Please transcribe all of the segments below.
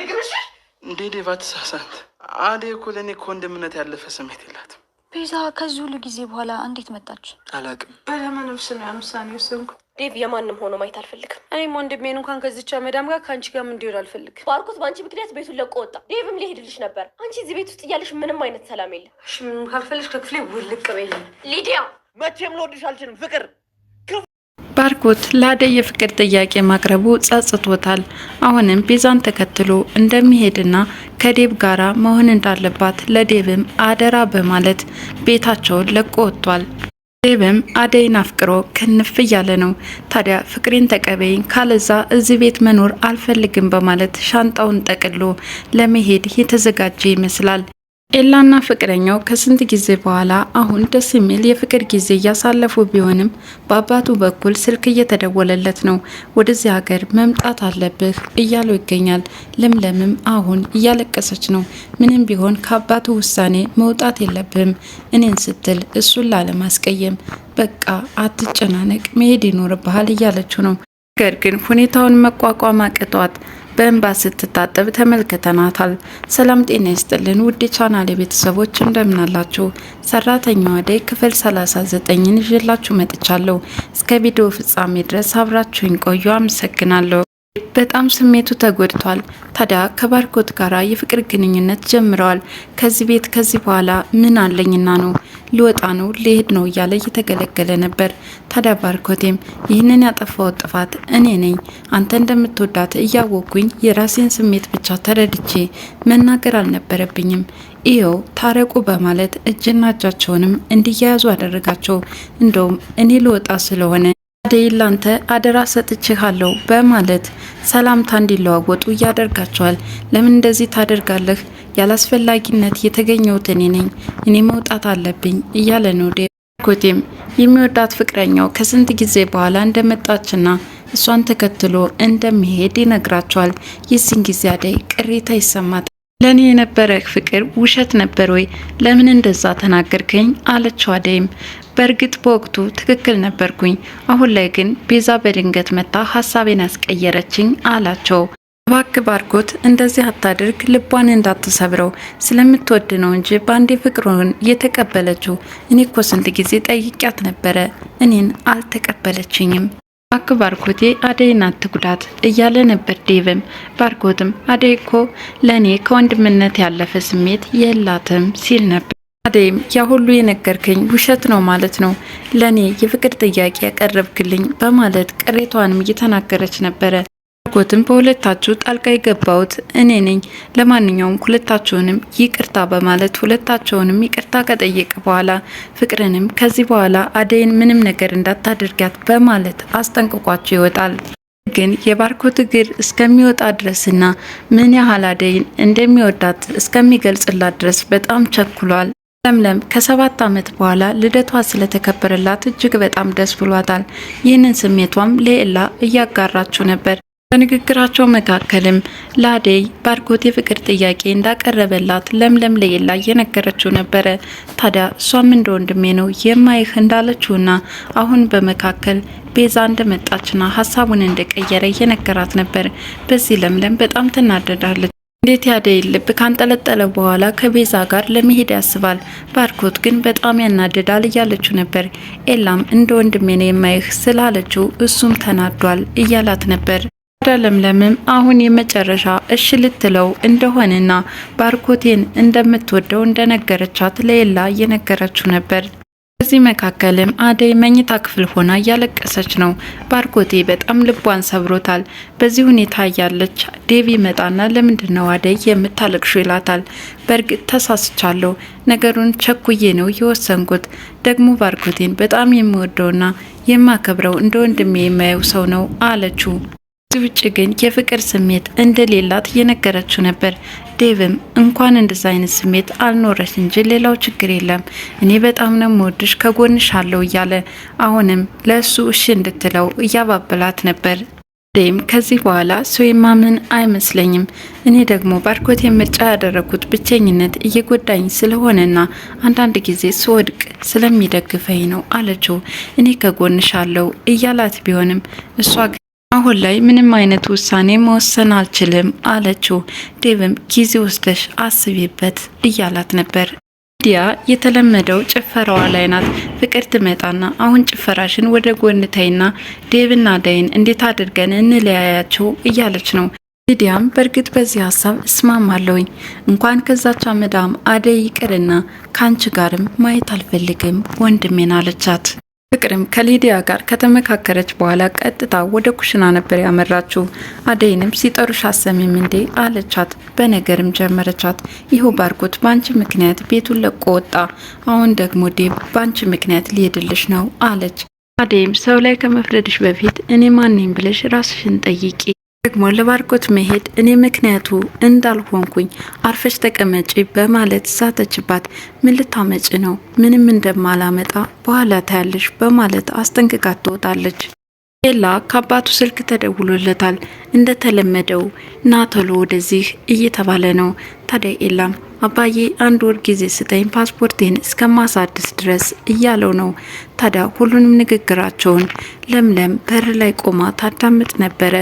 ልግርሽ እንዴ ዴቭ አትሳሳት። አዴ እኮ ለእኔ ከወንድምነት ያለፈ ስሜት የላትም። ቤዛ ከዚህ ሁሉ ጊዜ በኋላ እንዴት መጣች አላቅም። በለመንም ስ ነው ያምሳኔ ስንኩ ዴቭ የማንም ሆኖ ማየት አልፈልግም። እኔም ወንድሜን እንኳን ከዚቻ መዳም ጋር ከአንቺ ጋር እንዲሆን አልፈልግም። ባርኮት በአንቺ ምክንያት ቤቱን ለቆ ወጣ። ዴቭም ሊሄድልሽ ነበር። አንቺ እዚህ ቤት ውስጥ እያለሽ ምንም አይነት ሰላም የለም። ካልፈልሽ ከክፍሌ ውልቅ በይ። ሊዲያ መቼም ልወድሽ አልችልም ፍቅር ባርኮት ለአደይ የፍቅር ጥያቄ ማቅረቡ ጸጽቶታል። አሁንም ቤዛን ተከትሎ እንደሚሄድና ከዴብ ጋራ መሆን እንዳለባት ለዴብም አደራ በማለት ቤታቸውን ለቆ ወጥቷል። ዴብም አደይን አፍቅሮ ክንፍ እያለ ነው። ታዲያ ፍቅሬን ተቀበይኝ ካለዛ እዚህ ቤት መኖር አልፈልግም በማለት ሻንጣውን ጠቅሎ ለመሄድ የተዘጋጀ ይመስላል። ኤላና ፍቅረኛው ከስንት ጊዜ በኋላ አሁን ደስ የሚል የፍቅር ጊዜ እያሳለፉ ቢሆንም በአባቱ በኩል ስልክ እየተደወለለት ነው። ወደዚህ ሀገር መምጣት አለብህ እያሉ ይገኛል። ለምለምም አሁን እያለቀሰች ነው። ምንም ቢሆን ከአባቱ ውሳኔ መውጣት የለብህም እኔን ስትል እሱን ላለማስቀየም በቃ አትጨናነቅ፣ መሄድ ይኖርብሃል እያለችው ነው። ነገር ግን ሁኔታውን መቋቋም አቅቷት በእንባ ስትታጠብ ተመልክተናታል። ሰላም ጤና ይስጥልን ውድ ቻናል የቤተሰቦች እንደምናላችሁ፣ ሰራተኛዋ አደይ ክፍል 39ን ይዤላችሁ መጥቻለሁ። እስከ ቪዲዮ ፍጻሜ ድረስ አብራችሁኝ ቆዩ። አመሰግናለሁ። በጣም ስሜቱ ተጎድቷል። ታዲያ ከባርኮት ጋር የፍቅር ግንኙነት ጀምረዋል። ከዚህ ቤት ከዚህ በኋላ ምን አለኝና ነው ሊወጣ ነው ሊሄድ ነው እያለ እየተገለገለ ነበር። ታዲያ ባርኮቴም ይህንን ያጠፋው ጥፋት እኔ ነኝ፣ አንተ እንደምትወዳት እያወቅኩኝ የራሴን ስሜት ብቻ ተረድቼ መናገር አልነበረብኝም፣ ይኸው ታረቁ በማለት እጅና እጃቸውንም እንዲያያዙ አደረጋቸው። እንደውም እኔ ልወጣ ስለሆነ አደይ ላንተ አደራ ሰጥችሃለሁ በማለት ሰላምታ እንዲለዋወጡ ያደርጋቸዋል። ለምን እንደዚህ ታደርጋለህ? ያላስፈላጊነት የተገኘሁት እኔ ነኝ፣ እኔ መውጣት አለብኝ እያለ ነው። ኮቴም የሚወዳት ፍቅረኛው ከስንት ጊዜ በኋላ እንደመጣችና እሷን ተከትሎ እንደሚሄድ ይነግራቸዋል። የዚህን ጊዜ አደይ ቅሬታ ይሰማታል። ለእኔ የነበረ ፍቅር ውሸት ነበር ወይ? ለምን እንደዛ ተናገርከኝ? አለችው አደይም በእርግጥ በወቅቱ ትክክል ነበርኩኝ። አሁን ላይ ግን ቤዛ በድንገት መታ ሀሳቤን ያስቀየረችኝ አላቸው። ባክ ባርኮት እንደዚህ አታድርግ፣ ልቧን እንዳትሰብረው ስለምትወድ ነው እንጂ በአንዴ ፍቅሩን እየተቀበለችው። እኔ እኮ ስንት ጊዜ ጠይቂያት ነበረ፣ እኔን አልተቀበለችኝም። ባክ ባርኮቴ አደይን አትጉዳት እያለ ነበር ዴቭም። ባርኮትም አደይ እኮ ለእኔ ከወንድምነት ያለፈ ስሜት የላትም ሲል ነበር። አደይም ያ ሁሉ የነገርከኝ ውሸት ነው ማለት ነው፣ ለእኔ የፍቅር ጥያቄ ያቀረብክልኝ በማለት ቅሬቷንም እየተናገረች ነበረ። አጎትም በሁለታችሁ ጣልቃ የገባሁት እኔ ነኝ፣ ለማንኛውም ሁለታችሁንም ይቅርታ በማለት ሁለታቸውንም ይቅርታ ከጠየቀ በኋላ ፍቅርንም ከዚህ በኋላ አደይን ምንም ነገር እንዳታደርጋት በማለት አስጠንቅቋቸው ይወጣል። ግን የባርኮት እግር እስከሚወጣ ድረስና ምን ያህል አደይን እንደሚወዳት እስከሚገልጽላት ድረስ በጣም ቸኩሏል። ለምለም ከሰባት ዓመት በኋላ ልደቷ ስለተከበረላት እጅግ በጣም ደስ ብሏታል። ይህንን ስሜቷም ለኤላ እያጋራችው ነበር። በንግግራቸው መካከልም ለአደይ ባርኮት የፍቅር ጥያቄ እንዳቀረበላት ለምለም ለኤላ እየነገረችው ነበረ። ታዲያ እሷም እንደ ወንድሜ ነው የማይህ እንዳለችውና አሁን በመካከል ቤዛ እንደመጣችና ሀሳቡን እንደቀየረ እየነገራት ነበር። በዚህ ለምለም በጣም ትናደዳለች። እንዴት ያደይ ልብ ካንጠለጠለ በኋላ ከቤዛ ጋር ለመሄድ ያስባል። ባርኮት ግን በጣም ያናድዳል እያለችው ነበር። ኤላም እንደ ወንድሜ ነው የማይህ ስላለችው እሱም ተናዷል እያላት ነበር። ታዲያ ለምለምም አሁን የመጨረሻ እሽ ልትለው እንደሆነና ባርኮቴን እንደምትወደው እንደነገረቻት ለኤላ እየነገረችው ነበር። በዚህ መካከልም አደይ መኝታ ክፍል ሆና እያለቀሰች ነው። ባርኮቴ በጣም ልቧን ሰብሮታል። በዚህ ሁኔታ እያለች ዴቪ መጣና ለምንድን ነው አደይ የምታለቅሹ ይላታል። በእርግጥ ተሳስቻለሁ፣ ነገሩን ቸኩዬ ነው የወሰንኩት። ደግሞ ባርኮቴን በጣም የምወደውና የማከብረው እንደ ወንድሜ የማየው ሰው ነው አለችው። ከዚህ ውጭ ግን የፍቅር ስሜት እንደሌላት እየነገረችው ነበር። ዴቭም እንኳን እንደዛ አይነት ስሜት አልኖረሽ እንጂ ሌላው ችግር የለም፣ እኔ በጣም ነው የምወድሽ፣ ከጎንሽ አለው እያለ አሁንም ለእሱ እሺ እንድትለው እያባበላት ነበር። ዴም ከዚህ በኋላ ሰው የማምን አይመስለኝም፣ እኔ ደግሞ ባርኮት ምርጫ ያደረኩት ብቸኝነት እየጎዳኝ ስለሆነና አንዳንድ ጊዜ ስወድቅ ስለሚደግፈኝ ነው አለችው። እኔ ከጎንሽ አለው እያላት ቢሆንም እሷ አሁን ላይ ምንም አይነት ውሳኔ መወሰን አልችልም አለችው። ዴቭም ጊዜ ወስደሽ አስቢበት እያላት ነበር። ዲያ የተለመደው ጭፈራዋ ላይ ናት። ፍቅር ትመጣና አሁን ጭፈራሽን ወደ ጎን ተይና ዴቭና ዳይን እንዴት አድርገን እንለያያቸው እያለች ነው። ሊዲያም በእርግጥ በዚህ ሀሳብ እስማማለሁኝ እንኳን ከዛች አመዳም አደይ ይቅርና ከአንቺ ጋርም ማየት አልፈልግም ወንድሜን አለቻት። ፍቅርም ከሊዲያ ጋር ከተመካከረች በኋላ ቀጥታ ወደ ኩሽና ነበር ያመራችው። አደይንም ሲጠሩሽ አሰሚም እንዴ አለቻት። በነገርም ጀመረቻት። ይኸው ባርኮት በአንቺ ምክንያት ቤቱን ለቆ ወጣ፣ አሁን ደግሞ ዴብ በአንቺ ምክንያት ሊሄድልሽ ነው አለች። አደይም ሰው ላይ ከመፍረድሽ በፊት እኔ ማን ነኝ ብለሽ ራስሽን ጠይቂ ደግሞ ለባርኮት መሄድ እኔ ምክንያቱ እንዳልሆንኩኝ አርፈሽ ተቀመጪ በማለት ሳተችባት። ምን ልታመጪ ነው? ምንም እንደማላመጣ በኋላ ታያለሽ በማለት አስጠንቅቃት ትወጣለች። ኤላ ከአባቱ ስልክ ተደውሎለታል። እንደተለመደው ናቶሎ ወደዚህ እየተባለ ነው። ታዲያ ኤላም አባዬ አንድ ወር ጊዜ ስጠኝ ፓስፖርቴን እስከማሳድስ ድረስ እያለው ነው። ታዲያ ሁሉንም ንግግራቸውን ለምለም በር ላይ ቆማ ታዳምጥ ነበረ።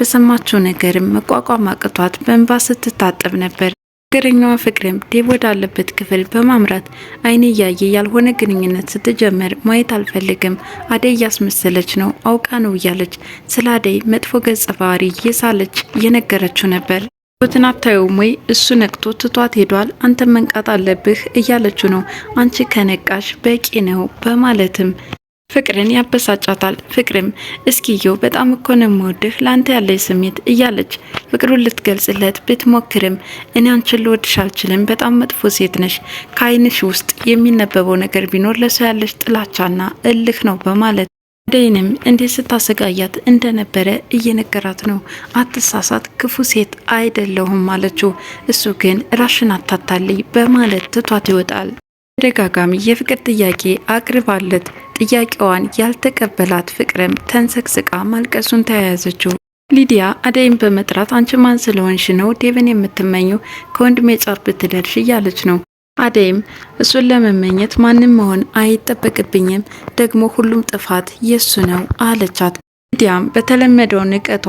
በሰማቸው ነገርም መቋቋም አቅቷት በእንባ ስትታጠብ ነበር። ችግረኛዋ ፍቅርም ዴቭ ወዳለበት ክፍል በማምራት አይን እያየ ያልሆነ ግንኙነት ስትጀምር ማየት አልፈልግም፣ አደይ እያስመሰለች ነው አውቃ ነው እያለች ስለ አደይ መጥፎ ገጸ ባህሪ እየሳለች እየነገረችው ነበር። ትን አታየውም ወይ እሱ ነቅቶ ትቷት ሄዷል፣ አንተ መንቃት አለብህ እያለችው ነው። አንቺ ከነቃሽ በቂ ነው በማለትም ፍቅርን ያበሳጫታል። ፍቅርም እስኪዮ በጣም እኮ ነው የምወድህ ለአንተ ያለኝ ስሜት እያለች ፍቅሩን ልትገልጽለት ብትሞክርም እኔ አንቺን ልወድሽ አልችልም፣ በጣም መጥፎ ሴት ነሽ፣ ከአይንሽ ውስጥ የሚነበበው ነገር ቢኖር ለሰው ያለሽ ጥላቻና እልህ ነው በማለት አደይንም እንዴት ስታሰቃያት እንደነበረ እየነገራት ነው። አትሳሳት፣ ክፉ ሴት አይደለሁም አለችው። እሱ ግን ራሽን አታታልይ በማለት ትቷት ይወጣል። ተደጋጋሚ የፍቅር ጥያቄ አቅርባለት ጥያቄዋን ያልተቀበላት ፍቅርም ተንሰቅስቃ ማልቀሱን ተያያዘችው። ሊዲያ አደይን በመጥራት አንቺ ማን ስለሆንሽ ነው ዴቭን የምትመኘው? ከወንድሜ ጻር ብትደርሽ እያለች ነው። አደይም እሱን ለመመኘት ማንም መሆን አይጠበቅብኝም፣ ደግሞ ሁሉም ጥፋት የሱ ነው አለቻት። ሊዲያም በተለመደው ንቀቷ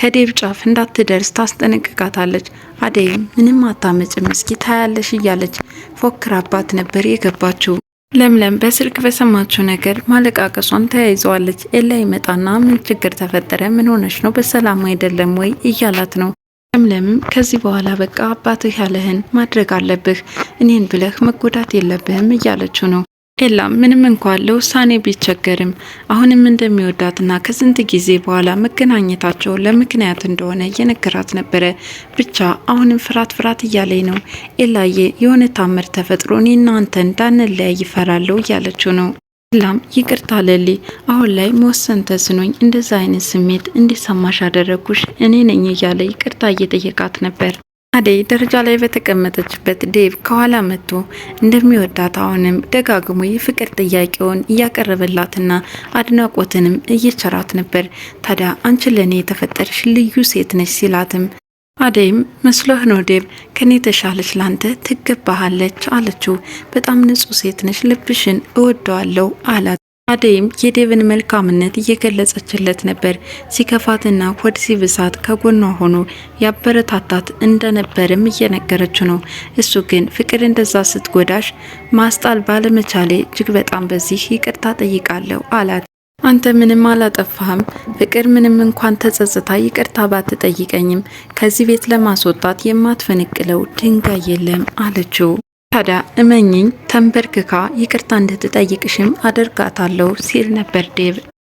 ከዴቭ ጫፍ እንዳትደርስ ታስጠነቅቃታለች። አደይም ምንም አታመጭም፣ እስኪ ታያለሽ እያለች ፎክራባት ነበር የገባችው። ለምለም በስልክ በሰማችው ነገር ማለቃቀሷን ተያይዘዋለች። ኤላ ይመጣና ምን ችግር ተፈጠረ? ምን ሆነች ነው? በሰላም አይደለም ወይ እያላት ነው። ለምለምም ከዚህ በኋላ በቃ አባትህ ያለህን ማድረግ አለብህ፣ እኔን ብለህ መጎዳት የለብህም እያለችው ነው። ኤላ ምንም እንኳን ለውሳኔ ቢቸገርም አሁንም እንደሚወዳትና ከስንት ጊዜ በኋላ መገናኘታቸው ለምክንያት እንደሆነ እየነገራት ነበረ። ብቻ አሁንም ፍርሃት ፍርሃት እያለኝ ነው ኤላዬ፣ የሆነ ታምር ተፈጥሮ እኔ እናንተ እንዳንለያይ ይፈራለሁ እያለችው ነው። ኤላም ይቅርታ ለሊ፣ አሁን ላይ መወሰን ተስኖኝ እንደዛ አይነት ስሜት እንዲሰማሽ አደረግኩሽ እኔ ነኝ እያለ ይቅርታ እየጠየቃት ነበር። አደይ ደረጃ ላይ በተቀመጠችበት ዴቭ ከኋላ መጥቶ እንደሚወዳት አሁንም ደጋግሞ የፍቅር ጥያቄውን እያቀረበላትና አድናቆትንም እየቸራት ነበር። ታዲያ አንቺ ለእኔ የተፈጠርሽ ልዩ ሴት ነች ሲላትም አደይም መስሎህ ነው ዴብ፣ ከኔ ተሻለች ላንተ ትገባሃለች አለችው። በጣም ንጹህ ሴት ነች፣ ልብሽን እወደዋለሁ አላት። አደይም የዴብን መልካምነት እየገለጸችለት ነበር። ሲከፋትና ሆድ ሲብሳት ከጎኗ ሆኖ ያበረታታት እንደነበርም እየነገረችው ነው። እሱ ግን ፍቅር እንደዛ ስትጎዳሽ ማስጣል ባለመቻሌ እጅግ በጣም በዚህ ይቅርታ ጠይቃለሁ አላት። አንተ ምንም አላጠፋህም። ፍቅር ምንም እንኳን ተጸጽታ ይቅርታ ባትጠይቀኝም ከዚህ ቤት ለማስወጣት የማትፈንቅለው ድንጋይ የለም አለችው። ታዲያ እመኝኝ ተንበርክካ ይቅርታ እንድትጠይቅሽም አደርጋታለሁ ሲል ነበር ዴቭ።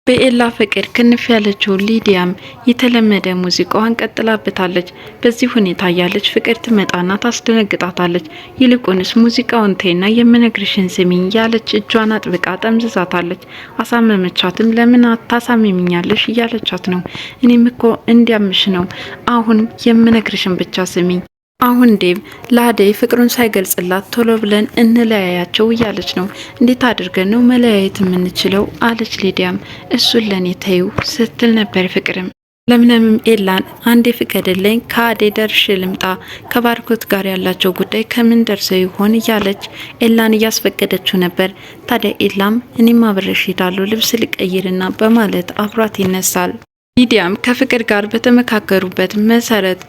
በኤላ ፍቅር ክንፍ ያለችው ሊዲያም የተለመደ ሙዚቃዋን ቀጥላበታለች። በዚህ ሁኔታ ያለች ፍቅር ትመጣና ታስደነግጣታለች። ይልቁንስ ሙዚቃውን ተይና የምነግርሽን ስሚኝ ያለች እጇን አጥብቃ ጠምዝዛታለች። አሳመመቻትም። ለምን ታሳሚምኛለሽ እያለቻት ነው። እኔም እኮ እንዲያምሽ ነው። አሁን የምነግርሽን ብቻ ስሚኝ አሁን ዴቭ ለአደይ ፍቅሩን ሳይገልጽላት ቶሎ ብለን እንለያያቸው እያለች ነው። እንዴት አድርገን ነው መለያየት የምንችለው? አለች ሊዲያም። እሱን ለእኔ ተዩ ስትል ነበር ፍቅርም ለምለምም ኤላን አንዴ ፍቀድልኝ ከአዴ ደርሽ ልምጣ፣ ከባርኮት ጋር ያላቸው ጉዳይ ከምን ደርሰው ይሆን እያለች ኤላን እያስፈቀደችው ነበር። ታዲያ ኤላም እኔም አብረሽ ሄዳለሁ ልብስ ልቀይርና በማለት አብሯት ይነሳል። ሊዲያም ከፍቅር ጋር በተመካከሩበት መሰረት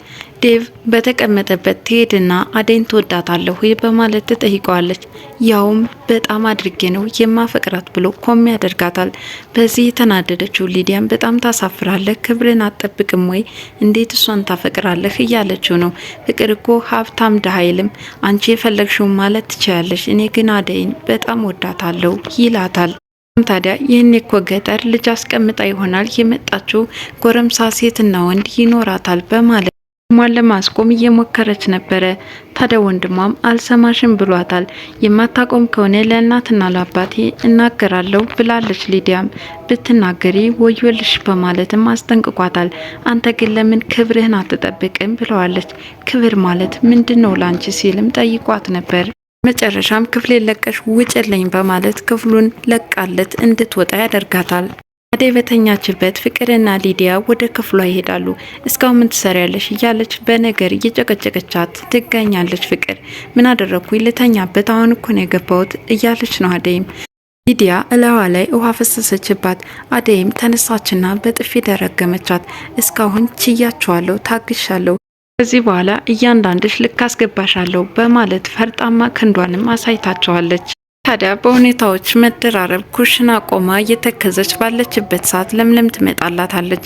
ዴቭ በተቀመጠበት ትሄድና አደይን ትወዳታለሁ በማለት ትጠይቀዋለች። ያውም በጣም አድርጌ ነው የማፈቅራት ብሎ ኮም ያደርጋታል። በዚህ የተናደደችው ሊዲያም በጣም ታሳፍራለህ፣ ክብርን አትጠብቅም ወይ? እንዴት እሷን ታፈቅራለህ? እያለችው ነው። ፍቅር እኮ ሀብታም ድሀ አይልም። አንቺ የፈለግሽውን ማለት ትችላለሽ፣ እኔ ግን አደይን በጣም ወዳታለሁ ይላታል። ታዲያ ይህን እኮ ገጠር ልጅ አስቀምጣ ይሆናል የመጣችው ጎረምሳ ሴትና ወንድ ይኖራታል በማለት ወንድሟን ለማስቆም እየሞከረች ነበረ። ታዲያ ወንድሟም አልሰማሽም ብሏታል። የማታቆም ከሆነ ለእናትና ለአባቴ እናገራለሁ ብላለች። ሊዲያም ብትናገሪ ወዮልሽ በማለትም አስጠንቅቋታል። አንተ ግን ለምን ክብርህን አትጠብቅም ብለዋለች። ክብር ማለት ምንድን ነው ላንቺ ሲልም ጠይቋት ነበር። መጨረሻም ክፍሌን ለቀሽ ውጭልኝ በማለት ክፍሉን ለቃለት እንድትወጣ ያደርጋታል። አደይ በተኛችበት ፍቅርና ሊዲያ ወደ ክፍሏ ይሄዳሉ። እስካሁን ምን ትሰሪያለሽ እያለች በነገር እየጨቀጨቀቻት ትገኛለች። ፍቅር ምን አደረግኩኝ ልተኛበት አሁን እኮ ነው የገባሁት እያለች ነው። አደይም ሊዲያ እለዋ ላይ ውሃ ፈሰሰችባት። አደይም ተነሳችና በጥፊ ደረገመቻት። እስካሁን ችያችኋለሁ፣ ታግሻለሁ ከዚህ በኋላ እያንዳንድሽ ልካስገባሻለሁ በማለት ፈርጣማ ክንዷንም አሳይታቸዋለች። ታዲያ በሁኔታዎች መደራረብ ኩሽና ቆማ እየተከዘች ባለችበት ሰዓት ለምለም ትመጣላታለች።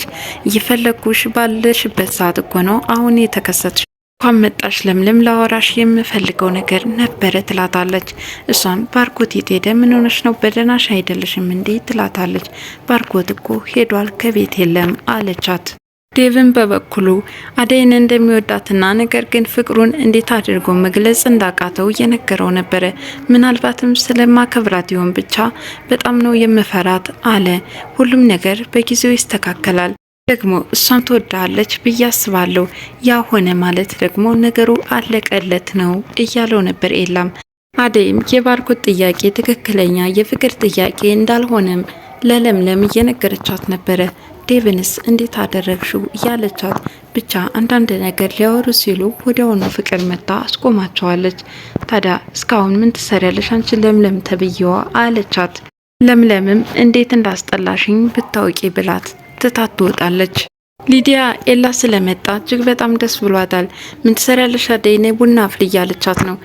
እየፈለግኩሽ ባለሽበት ሰዓት እኮ ነው አሁን የተከሰትሽ። እንኳን መጣሽ ለምለም፣ ለአወራሽ የምፈልገው ነገር ነበረ ትላታለች። እሷም ባርኮት የት ሄደ? ምን ሆነሽ ነው? በደህናሽ አይደለሽም እንዴ? ትላታለች። ባርኮት እኮ ሄዷል፣ ከቤት የለም አለቻት። ዴቭን በበኩሉ አደይን እንደሚወዳትና ነገር ግን ፍቅሩን እንዴት አድርጎ መግለጽ እንዳቃተው እየነገረው ነበረ። ምናልባትም ስለማከብራት ይሆን ብቻ በጣም ነው የምፈራት አለ። ሁሉም ነገር በጊዜው ይስተካከላል። ደግሞ እሷም ትወዳለች ብዬ አስባለሁ። ያ ሆነ ማለት ደግሞ ነገሩ አለቀለት ነው እያለው ነበር ኤላም። አደይም የባርኮት ጥያቄ ትክክለኛ የፍቅር ጥያቄ እንዳልሆነም ለለምለም እየነገረቻት ነበረ። ዴቭንስ እንዴት አደረግሽው እያለቻት ብቻ አንዳንድ ነገር ሊያወሩ ሲሉ ወዲያውኑ ፍቅር መታ አስቆማቸዋለች። ታዲያ እስካሁን ምን ትሰሪያለሽ አንቺ ለምለም ተብዬዋ አለቻት። ለምለምም እንዴት እንዳስጠላሽኝ ብታውቂ ብላት ትታት ትወጣለች። ሊዲያ ኤላ ስለመጣ እጅግ በጣም ደስ ብሏታል። ምን ትሰሪያለሽ አደይ ነይ ቡና አፍሊ እያለቻት ነው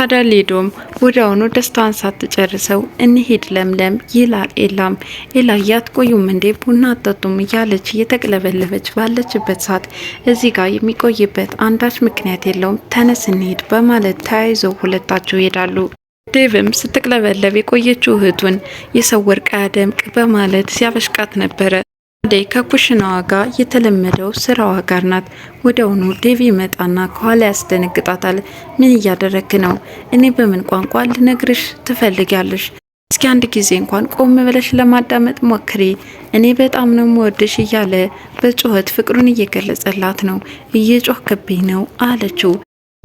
ታዲያ ሌዶም ወዲያውኑ ደስታዋን ሳትጨርሰው እንሄድ ለምለም ይላል ኤላም። ኤላ አትቆዩም እንዴ ቡና አጠጡም እያለች እየተቅለበለበች ባለችበት ሰዓት እዚህ ጋር የሚቆይበት አንዳች ምክንያት የለውም፣ ተነስ እንሄድ በማለት ተያይዘው ሁለታቸው ይሄዳሉ። ዴቭም ስትቅለበለብ የቆየችው እህቱን የሰው ወርቅ አያደምቅ በማለት ሲያበሽቃት ነበረ። አደይ ከኩሽናዋ ጋር የተለመደው ስራዋ ጋር ናት። ወደውኑ ዴቪ መጣና ከኋላ ያስደነግጣታል። ምን እያደረክ ነው? እኔ በምን ቋንቋ ልነግርሽ ትፈልጊያለሽ? እስኪ አንድ ጊዜ እንኳን ቆም ብለሽ ለማዳመጥ ሞክሪ። እኔ በጣም ነው የምወድሽ እያለ በጩኸት ፍቅሩን እየገለጸላት ነው። እየጮህክብኝ ነው አለችው።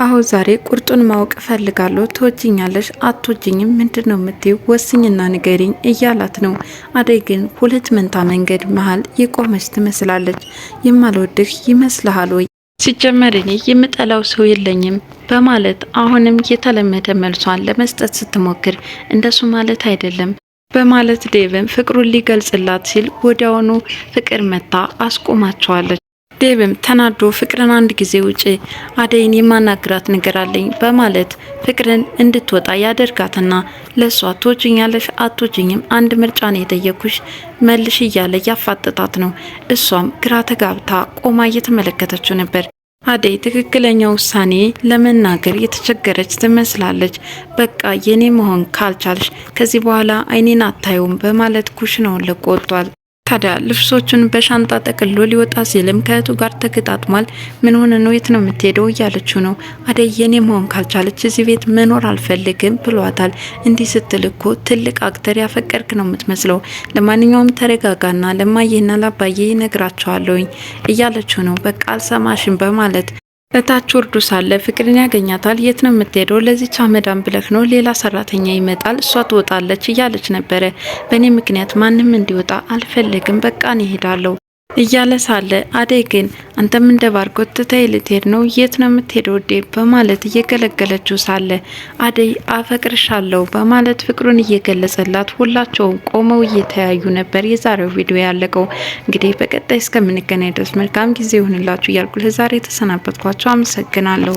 አሁን ዛሬ ቁርጡን ማወቅ እፈልጋለሁ። ትወጅኛለሽ አትወጅኝም ምንድን ነው የምትይው? ወስኝና ንገሪኝ እያላት ነው። አደይ ግን ሁለት መንታ መንገድ መሀል የቆመች ትመስላለች። የማልወድህ ይመስልሃል ወይ? ሲጀመር እኔ የምጠላው ሰው የለኝም በማለት አሁንም የተለመደ መልሷን ለመስጠት ስትሞክር እንደሱ ማለት አይደለም በማለት ዴቭን ፍቅሩን ሊገልጽላት ሲል ወዲያውኑ ፍቅር መታ አስቆማቸዋለች። ዴብም ተናዶ ፍቅርን አንድ ጊዜ ውጪ አደይን የማናግራት ነገር አለኝ በማለት ፍቅርን እንድትወጣ ያደርጋትና ለእሷ አትወጂኛለሽ አትወጂኝም፣ አንድ ምርጫ ነው የጠየኩሽ መልሽ እያለ ያፋጠጣት ነው። እሷም ግራ ተጋብታ ቆማ እየተመለከተችው ነበር። አደይ ትክክለኛ ውሳኔ ለመናገር የተቸገረች ትመስላለች። በቃ የኔ መሆን ካልቻልሽ ከዚህ በኋላ አይኔን አታዩም በማለት ኩሽናውን ለቆ ወጥቷል። ታዲያ ልብሶቹን በሻንጣ ጠቅሎ ሊወጣ ሲልም ከእህቱ ጋር ተገጣጥሟል። ምን ሆነ ነው? የት ነው የምትሄደው? እያለችው ነው። አደይ የኔ መሆን ካልቻለች እዚህ ቤት መኖር አልፈልግም ብሏታል። እንዲህ ስትል እኮ ትልቅ አክተር ያፈቀድክ ነው የምትመስለው። ለማንኛውም ተረጋጋና ለማየና ላባዬ ይነግራቸዋለሁኝ እያለችው ነው። በቃ አልሰማሽም በማለት እታች ወርዶ ሳለ ፍቅርን ያገኛታል። የት ነው የምትሄደው? ለዚች አመዳም ብለህ ነው? ሌላ ሰራተኛ ይመጣል፣ እሷ ትወጣለች እያለች ነበረ። በእኔ ምክንያት ማንም እንዲወጣ አልፈልግም። በቃ እኔ እሄዳለሁ። እያለ ሳለ አደይ ግን አንተም እንደ ባርኮት ትተይ ልትሄድ ነው? የት ነው የምትሄደው ውዴ? በማለት እየገለገለችው ሳለ አደይ አፈቅርሻለሁ በማለት ፍቅሩን እየገለጸላት ሁላቸውም ቆመው እየተያዩ ነበር። የዛሬው ቪዲዮ ያለቀው እንግዲህ በቀጣይ እስከምንገናኝ ድረስ መልካም ጊዜ ይሁንላችሁ እያልኩ ለዛሬ የተሰናበትኳቸው አመሰግናለሁ።